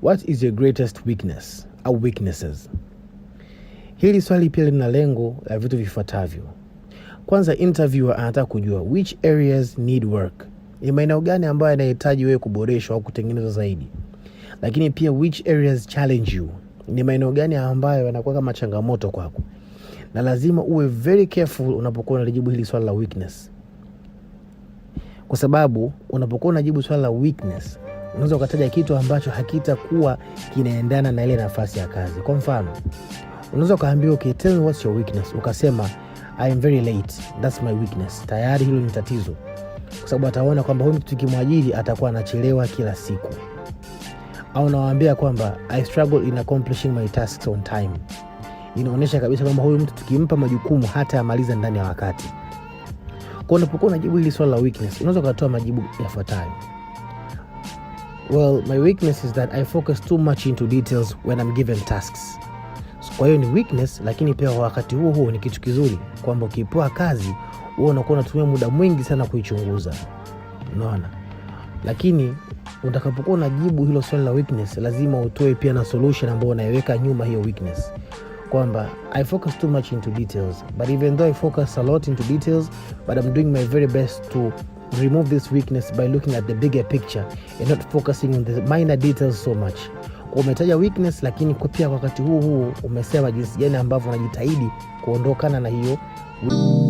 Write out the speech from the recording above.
What is your greatest weakness au weaknesses? Hili swali pia lina lengo la vitu vifuatavyo. Kwanza, interviewer anataka kujua which areas need work, ni maeneo gani ambayo yanahitaji wewe kuboreshwa au kutengenezwa zaidi. Lakini pia which areas challenge you, ni maeneo gani ambayo yanakuwa kama changamoto kwako, na lazima uwe very careful unapokuwa unalijibu hili swala la weakness, kwa sababu unapokuwa unajibu swala la weakness unaweza ukataja kitu ambacho hakitakuwa kinaendana na ile nafasi ya kazi. Kwa mfano, unaweza ukaambiwa okay, tell me what's your weakness, ukasema I am very late, that's my weakness. Tayari hilo ni tatizo, kwa sababu ataona kwamba huyu mtu kimwajiri atakuwa anachelewa kila siku, au nawaambia kwamba I struggle in accomplishing my tasks on time. Inaonyesha kabisa kwamba huyu mtu tukimpa majukumu hata yamaliza ndani ya wakati. Kwa unapokuwa unajibu hili swala la weakness, unaweza ukatoa majibu yafuatayo. Well, my weakness is that I focus too much into details when I'm given tasks. So, kwa hiyo ni weakness, lakini pia kwa wakati huo huo ni kitu kizuri kwamba ukipewa kazi wewe unakuwa unatumia muda mwingi sana kuichunguza, unaona. Lakini utakapokuwa unajibu hilo swali la weakness, lazima utoe pia na solution ambayo unaiweka nyuma hiyo weakness kwamba I focus too much into details but even though I focus a lot into details but I'm doing my very best to remove this weakness by looking at the bigger picture and not focusing on the minor details so much. Kwa umetaja weakness, lakini kwa pia wakati huu huu umesema jinsi gani ambavyo unajitahidi kuondokana na hiyo